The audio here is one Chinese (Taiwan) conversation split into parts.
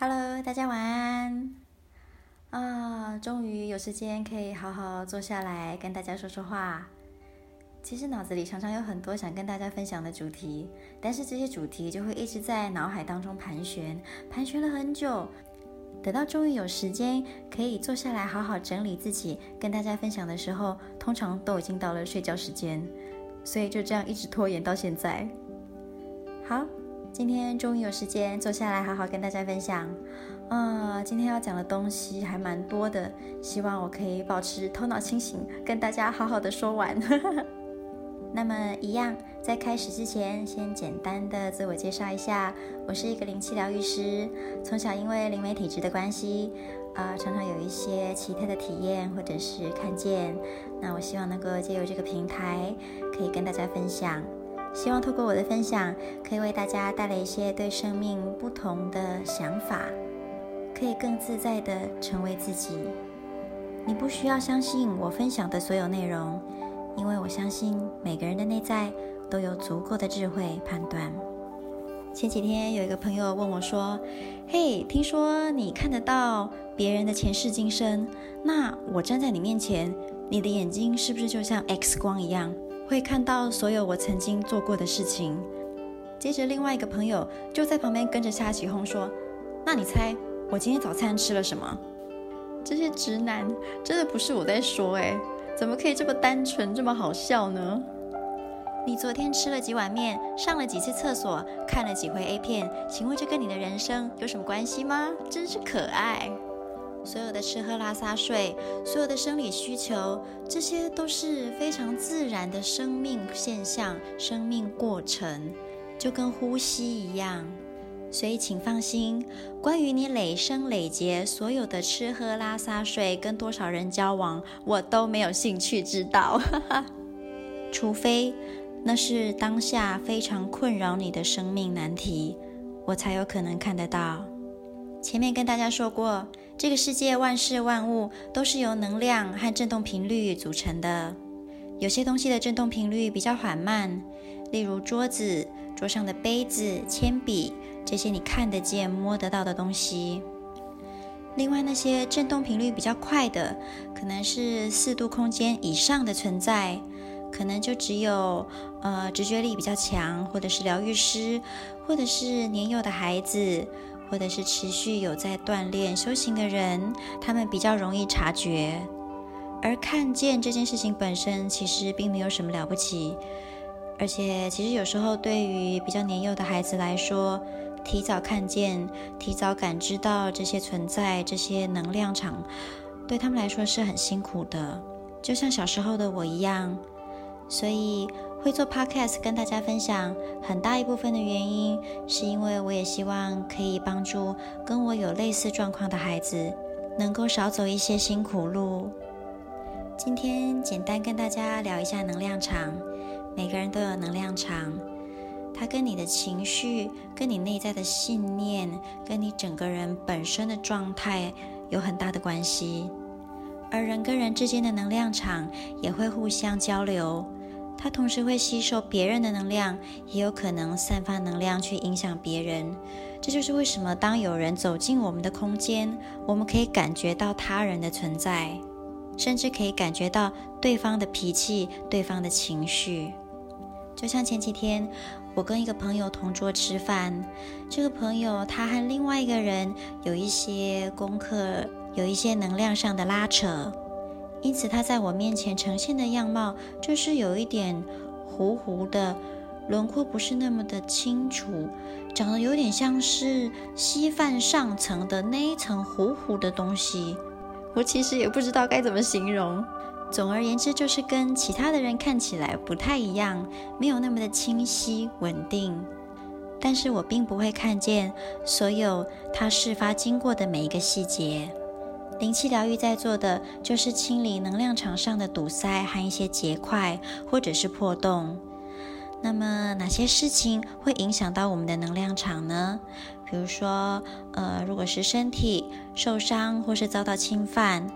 Hello，大家晚安！啊，哦，終於有時間可以好好坐下來跟大家說說話。其實腦子裡常常有很多想跟大家分享的主題，但是這些主題就會一直在腦海當中盤旋，盤旋了很久。等到終於有時間可以坐下來好好整理自己，跟大家分享的時候，通常都已經到了睡覺時間，所以就這樣一直拖延到現在。好。今天終於有時間坐下來好好跟大家分享，啊、哦，今天要講的東西還蠻多的，希望我可以保持頭腦清醒，跟大家好好的說完。 那麼，一樣在開始之前，先簡單的自我介紹一下，我是一個靈氣療癒師，從小因為靈媒體質的關係，啊、呃，常常有一些奇特的體驗或者是看見，那我希望能夠借由這個平台，可以跟大家分享。希望透過我的分享，可以為大家帶來一些對生命不同的想法，可以更自在的成為自己。你不需要相信我分享的所有內容，因為我相信每個人的內在都有足夠的智慧判斷。前幾天有一個朋友問我說：“嘿，hey，聽說你看得到別人的前世今生，那我站在你面前，你的眼睛是不是就像 X 光一樣？”會看到所有我曾經做過的事情。接着，另外一個朋友就在旁邊跟着瞎起哄說：“那你猜我今天早餐吃了什麼？”這些直男真的不是我在說誒、欸，怎麼可以這麼單純這麼好笑呢？你昨天吃了幾碗麵，上了幾次廁所，看了幾回 A 片，請問這跟你的人生有什麼關係嗎？真是可愛。所有的吃喝拉撒睡，所有的生理需求，這些都是非常自然的生命現象、生命過程，就跟呼吸一樣。所以，請放心，關於你累生累劫所有的吃喝拉撒睡，跟多少人交往，我都沒有興趣知道， 除非那是當下非常困擾你的生命難題，我才有可能看得到。前面跟大家說過。這個世界萬事萬物都是由能量和振動頻率組成的。有些東西的振動頻率比較緩慢，例如桌子、桌上的杯子、鉛筆這些你看得見、摸得到的東西。另外，那些振動頻率比較快的，可能是四度空間以上的存在，可能就只有呃直覺力比較強，或者是療癒師，或者是年幼的孩子。或者是持續有在鍛鍊修行的人，他們比較容易察覺，而看見這件事情本身其實並沒有什麼了不起。而且其實有時候對於比較年幼的孩子來說，提早看見、提早感知到這些存在、這些能量場，對他們來說是很辛苦的，就像小時候的我一樣。所以，會做 Podcast 跟大家分享，很大一部分的原因是因為我也希望可以幫助跟我有類似狀況的孩子，能夠少走一些辛苦路。今天簡單跟大家聊一下能量場，每個人都有能量場，它跟你的情緒、跟你內在的信念、跟你整個人本身的狀態有很大的關係，而人跟人之間的能量場也會互相交流。它同時會吸收別人的能量，也有可能散發能量去影響別人。這就是為什麼當有人走進我們的空間，我們可以感覺到他人的存在，甚至可以感覺到對方的脾氣、對方的情緒。就像前幾天我跟一個朋友同桌吃飯，這個朋友他和另外一個人有一些功課，有一些能量上的拉扯。因此，他在我面前呈現的樣貌就是有一點糊糊的，輪廓不是那麼的清楚，長得有點像是稀飯上層的那一層糊糊的東西。我其實也不知道該怎麼形容。總而言之，就是跟其他的人看起來不太一樣，沒有那麼的清晰穩定。但是我並不會看見所有他事發經過的每一個細節。靈氣療癒在做的就是清理能量場上的堵塞和一些結塊或者是破洞。那麼哪些事情會影響到我們的能量場呢？比如說，呃，如果是身體受傷或是遭到侵犯，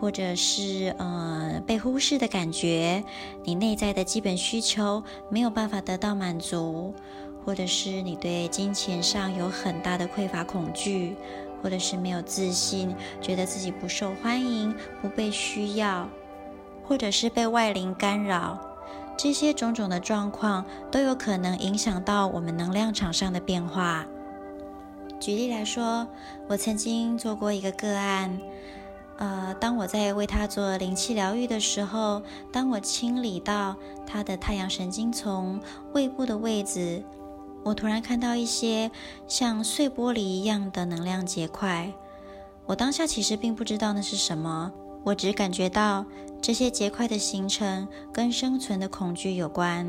或者是呃，被忽視的感覺，你內在的基本需求沒有辦法得到滿足，或者是你對金錢上有很大的匱乏恐懼。或者是沒有自信，覺得自己不受歡迎、不被需要，或者是被外靈干擾，這些種種的狀況都有可能影響到我們能量場上的變化。舉例來說，我曾經做過一個個案，呃，當我在為他做靈氣療癒的時候，當我清理到他的太陽神經叢，胃部的位置，我突然看到一些像碎玻璃一樣的能量結塊，我當下其實並不知道那是什麼，我只感覺到這些結塊的形成跟生存的恐懼有關。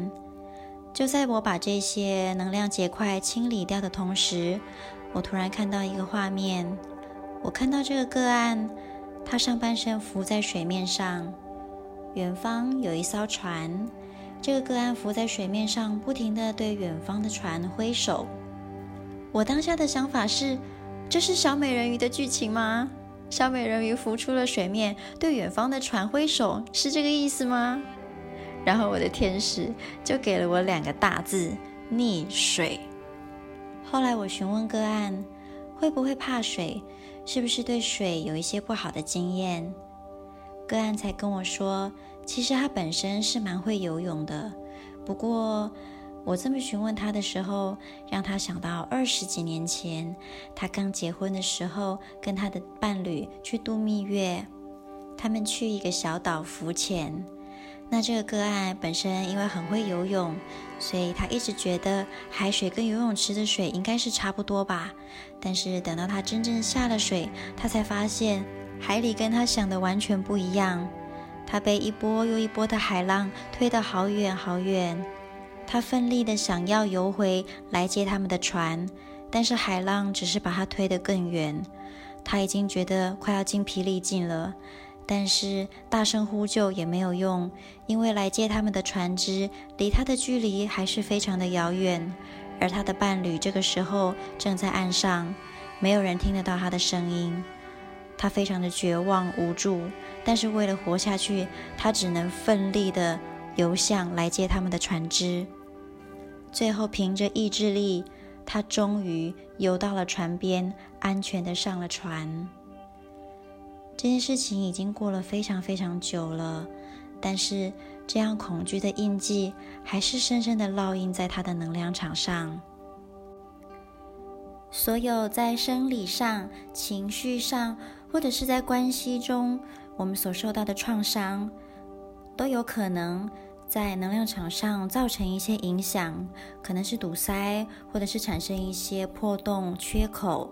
就在我把這些能量結塊清理掉的同時，我突然看到一個畫面，我看到這個個案，他上半身浮在水面上，遠方有一艘船。這個個案浮在水面上，不停地對遠方的船揮手。我當下的想法是：這是小美人魚的劇情嗎？小美人魚浮出了水面，對遠方的船揮手，是這個意思嗎？然後我的天使就給了我兩個大字：溺水。後來我詢問個案會不會怕水，是不是對水有一些不好的經驗，個案才跟我說。其實他本身是蠻會游泳的，不過我這麼詢問他的時候，讓他想到二十幾年前他剛結婚的時候，跟他的伴侶去度蜜月，他們去一個小島浮潛。那這個個案本身因為很會游泳，所以他一直覺得海水跟游泳池的水應該是差不多吧。但是等到他真正下了水，他才發現海裡跟他想的完全不一樣。他被一波又一波的海浪推得好遠好遠，他奮力地想要游回來接他們的船，但是海浪只是把他推得更遠。他已經覺得快要精疲力盡了，但是大聲呼救也沒有用，因為來接他們的船只離他的距離還是非常的遙遠，而他的伴侶這個時候正在岸上，沒有人聽得到他的聲音。他非常的絕望無助，但是為了活下去，他只能奮力的游向來接他們的船只。最後，憑着意志力，他終於游到了船邊，安全的上了船。這件事情已經過了非常非常久了，但是這樣恐懼的印記還是深深的烙印在他的能量場上。所有在生理上、情緒上。或者是在關係中，我們所受到的創傷，都有可能在能量場上造成一些影響，可能是堵塞，或者是產生一些破洞、缺口。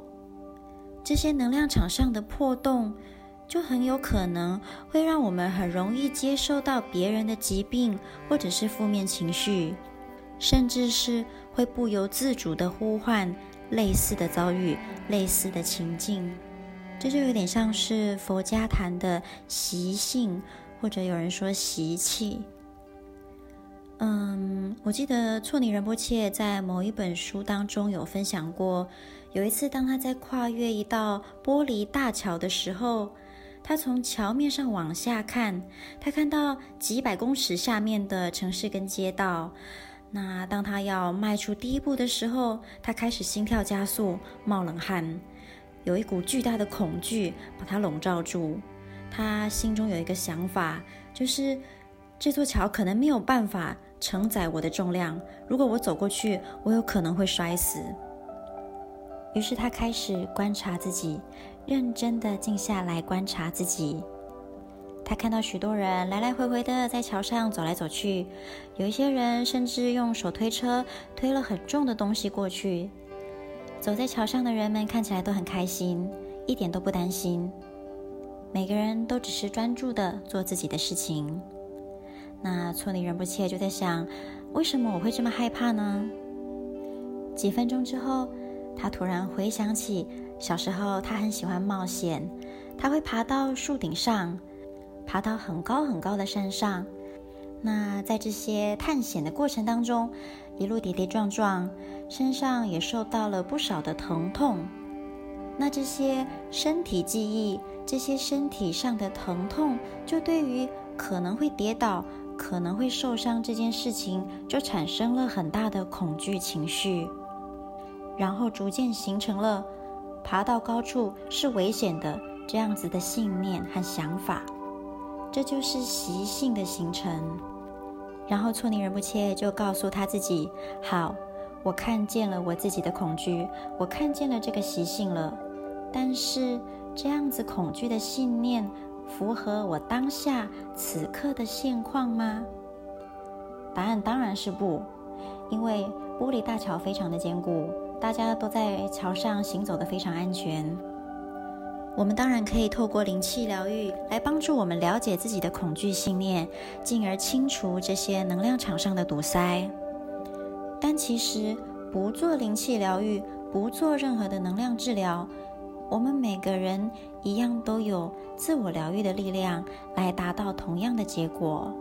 這些能量場上的破洞，就很有可能會讓我們很容易接受到別人的疾病，或者是負面情緒，甚至是會不由自主地呼喚類似的遭遇、類似的情境。這就有點像是佛家談的習性，或者有人說習氣。嗯，我記得措尼仁波切在某一本書當中有分享過，有一次當他在跨越一道玻璃大橋的時候，他從橋面上往下看，他看到幾百公尺下面的城市跟街道。那當他要邁出第一步的時候，他開始心跳加速，冒冷汗。有一股巨大的恐懼把他籠罩住，他心中有一個想法，就是這座橋可能沒有辦法承載我的重量，如果我走過去，我有可能會摔死。於是他開始觀察自己，認真的靜下來觀察自己。他看到許多人來來回回的在橋上走來走去，有一些人甚至用手推車推了很重的東西過去。走在橋上的人們看起來都很開心，一點都不擔心。每個人都只是專注地做自己的事情。那村裡人不切就在想，為什麼我會這麼害怕呢？幾分鐘之後，他突然回想起小時候，他很喜歡冒險，他會爬到樹頂上，爬到很高很高的山上。那在這些探險的過程當中，一路跌跌撞撞，身上也受到了不少的疼痛。那這些身體記憶，這些身體上的疼痛，就對於可能會跌倒、可能會受傷這件事情，就產生了很大的恐懼情緒，然後逐漸形成了爬到高處是危險的這樣子的信念和想法。這就是習性的形成。然後措尼仁波切就告訴他自己：好，我看見了我自己的恐懼，我看見了這個習性了。但是這樣子恐懼的信念符合我當下此刻的現況嗎？答案當然是不，因為玻璃大橋非常的堅固，大家都在橋上行走得非常安全。我們當然可以透過靈氣療癒來幫助我們了解自己的恐懼信念，進而清除這些能量場上的堵塞。但其實不做靈氣療癒，不做任何的能量治療，我們每個人一樣都有自我療癒的力量，來達到同樣的結果。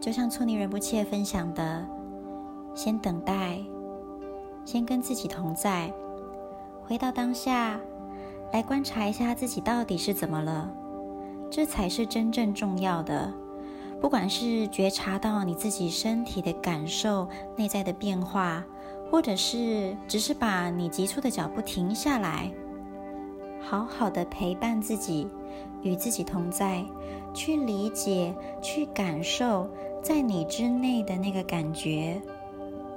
就像搓泥人不切分享的，先等待，先跟自己同在，回到當下。來觀察一下自己到底是怎麼了，這才是真正重要的。不管是覺察到你自己身體的感受、內在的變化，或者是只是把你急促的腳步停下來，好好的陪伴自己，與自己同在，去理解、去感受在你之內的那個感覺。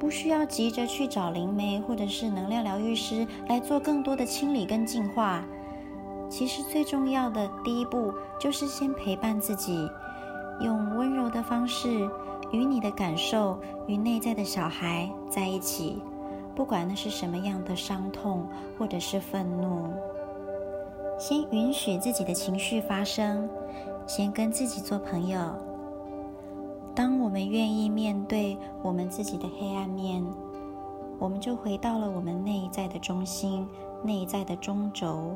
不需要急着去找靈媒或者是能量療癒師來做更多的清理跟淨化。其實最重要的第一步就是先陪伴自己，用溫柔的方式與你的感受、與內在的小孩在一起。不管那是什麼樣的傷痛或者是憤怒，先允許自己的情緒發生，先跟自己做朋友。當我們願意面對我們自己的黑暗面，我們就回到了我們內在的中心、內在的中軸。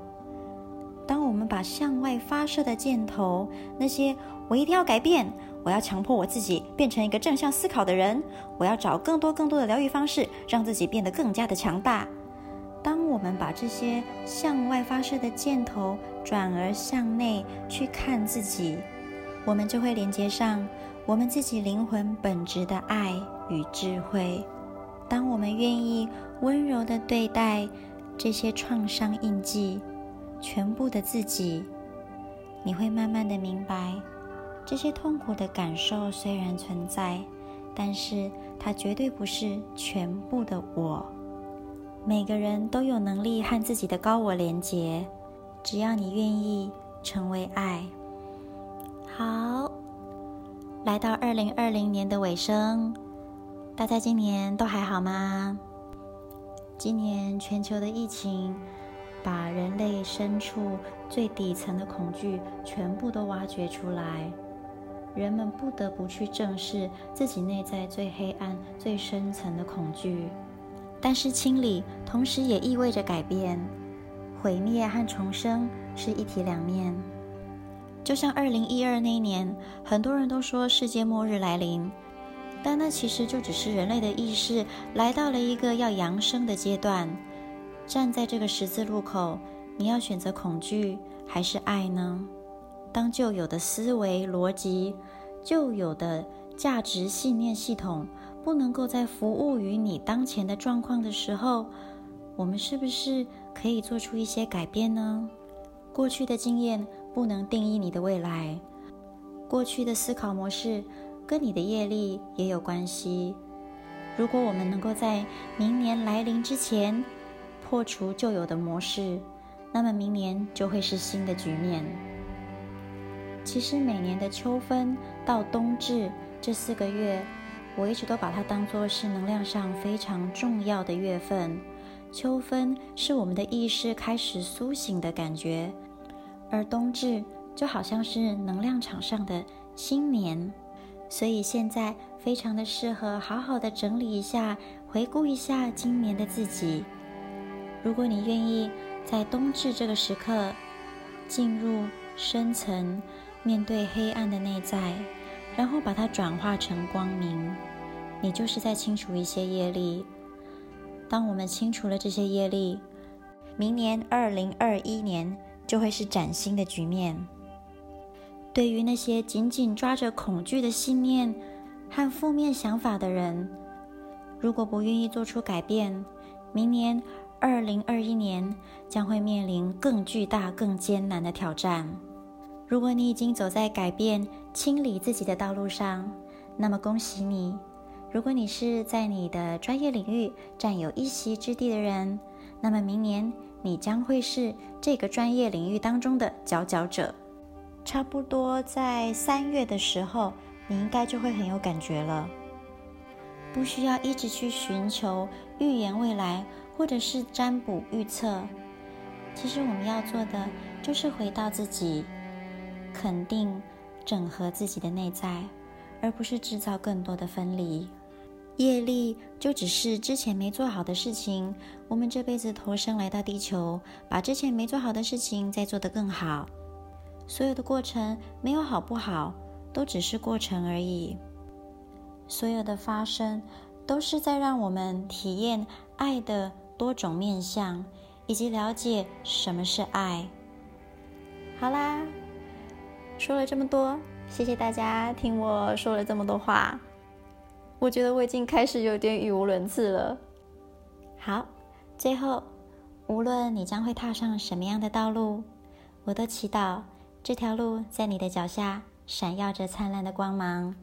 當我們把向外發射的箭頭，那些“我一定要改變”，“我要強迫我自己變成一個正向思考的人”，“我要找更多更多的療癒方式，讓自己變得更加的強大”，當我們把這些向外發射的箭頭轉而向內去看自己，我們就會連接上。我們自己靈魂本質的愛與智慧。當我們願意溫柔地對待這些創傷印記，全部的自己，你會慢慢的明白，這些痛苦的感受雖然存在，但是它絕對不是全部的我。每個人都有能力和自己的高我連接，只要你願意成為愛。好。來到二零二零年的尾聲，大家今年都還好嗎？今年全球的疫情，把人類深處最底層的恐懼全部都挖掘出來，人們不得不去正視自己內在最黑暗、最深層的恐懼。但是清理同時也意味着改變，毀滅和重生是一體兩面。就像二零一二那一年，很多人都說世界末日來臨，但那其實就只是人類的意識來到了一個要揚升的階段。站在這個十字路口，你要選擇恐懼還是愛呢？當舊有的思維邏輯、舊有的價值信念系統不能夠再服務於你當前的狀況的時候，我們是不是可以做出一些改變呢？過去的經驗，不能定義你的未來，過去的思考模式跟你的業力也有關係。如果我們能夠在明年來臨之前破除舊有的模式，那麼明年就會是新的局面。其實每年的秋分到冬至這四個月，我一直都把它當作是能量上非常重要的月份。秋分是我們的意識開始甦醒的感覺。而冬至就好像是能量場上的新年，所以現在非常的適合好好的整理一下，回顧一下今年的自己。如果你願意在冬至這個時刻進入深層，面對黑暗的內在，然後把它轉化成光明，你就是在清除一些業力。當我們清除了這些業力，明年2021年。就會是嶄新的局面。對於那些緊緊抓着恐懼的信念和負面想法的人，如果不願意做出改變，明年二零二一年將會面臨更巨大、更艱難的挑戰。如果你已經走在改變、清理自己的道路上，那麼恭喜你。如果你是在你的專業領域占有一席之地的人，那麼明年。你將會是這個專業領域當中的佼佼者。差不多在三月的時候，你應該就會很有感覺了。不需要一直去尋求預言未來，或者是占卜預測。其實我們要做的，就是回到自己，肯定、整合自己的內在，而不是製造更多的分離。業力就只是之前沒做好的事情。我們這輩子投生來到地球，把之前沒做好的事情再做得更好。所有的過程沒有好不好，都只是過程而已。所有的發生都是在讓我們體驗愛的多種面向，以及了解什麼是愛。好啦，說了這麼多，謝謝大家聽我說了這麼多話。我覺得我已經開始有點語無倫次了。好，最後，無論你將會踏上什麼樣的道路，我都祈禱這條路在你的腳下閃耀着燦爛的光芒。